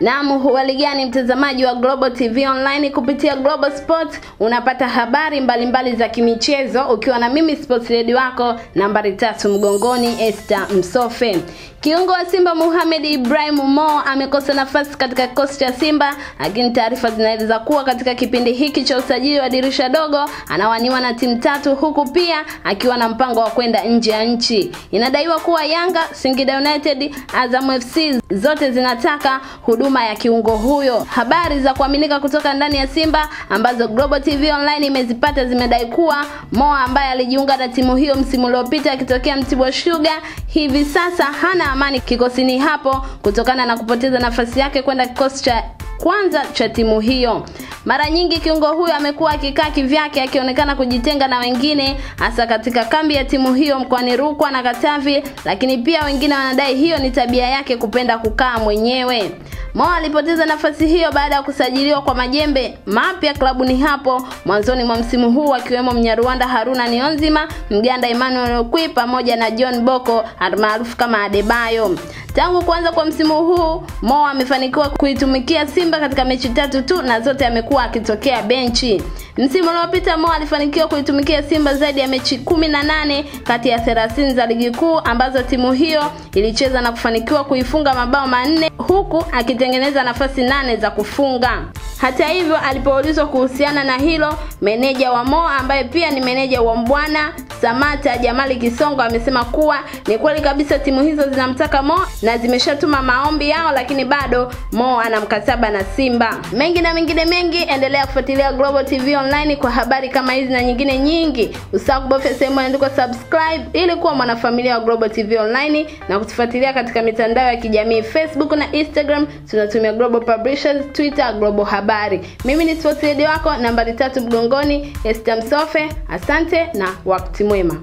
Naam, huhali gani mtazamaji wa Global TV Online, kupitia Global Sport unapata habari mbalimbali mbali za kimichezo ukiwa na mimi sports lady wako nambari tatu mgongoni Esther Msofe. Kiungo wa Simba Mohamed Ibrahim Mo amekosa nafasi katika kikosi cha Simba, lakini taarifa zinaeleza kuwa katika kipindi hiki cha usajili wa dirisha dogo anawaniwa na timu tatu, huku pia akiwa na mpango wa kwenda nje ya nchi. Inadaiwa kuwa Yanga, Singida United, Azam FC zote zinataka hudu huduma ya kiungo huyo. Habari za kuaminika kutoka ndani ya Simba ambazo Global TV Online imezipata zimedai kuwa Moa ambaye alijiunga na timu hiyo msimu uliopita akitokea Mtibwa Sugar hivi sasa hana amani kikosini hapo kutokana na kupoteza nafasi yake kwenda kikosi cha kwanza cha timu hiyo. Mara nyingi kiungo huyo amekuwa akikaa kivyake akionekana kujitenga na wengine hasa katika kambi ya timu hiyo mkoani Rukwa na Katavi, lakini pia wengine wanadai hiyo ni tabia yake kupenda kukaa mwenyewe. Mo alipoteza nafasi hiyo baada ya kusajiliwa kwa majembe mapya klabuni hapo mwanzoni mwa msimu huu akiwemo Mnyarwanda Haruna Nionzima, Mganda Emmanuel Okwi pamoja na John Boko almaarufu kama Adebayo. Tangu kuanza kwa msimu huu, Mo amefanikiwa kuitumikia Simba katika mechi tatu tu na zote amekuwa akitokea benchi. Msimu uliopita Mo alifanikiwa kuitumikia Simba zaidi ya mechi kumi na nane kati ya 30 za ligi kuu ambazo timu hiyo ilicheza na kufanikiwa kuifunga mabao manne huku akitengeneza nafasi nane za kufunga. Hata hivyo, alipoulizwa kuhusiana na hilo, meneja wa Mo ambaye pia ni meneja wa Mbwana Samata Jamali Kisongo amesema kuwa ni kweli kabisa timu hizo zinamtaka Mo na zimeshatuma maombi yao, lakini bado Mo ana mkataba na Simba. Mengi na mengine mengi, endelea kufuatilia Global TV Online kwa habari kama hizi na nyingine nyingi. Usisahau kubofya sehemu imeandikwa subscribe ili kuwa mwanafamilia wa Global TV Online na kutufuatilia katika mitandao ya kijamii Facebook na Instagram. Tunatumia Global Publishers, Twitter, Global Hub habari. Mimi ni sports wako nambari tatu mgongoni, Esther Msofe. Asante na wakati mwema.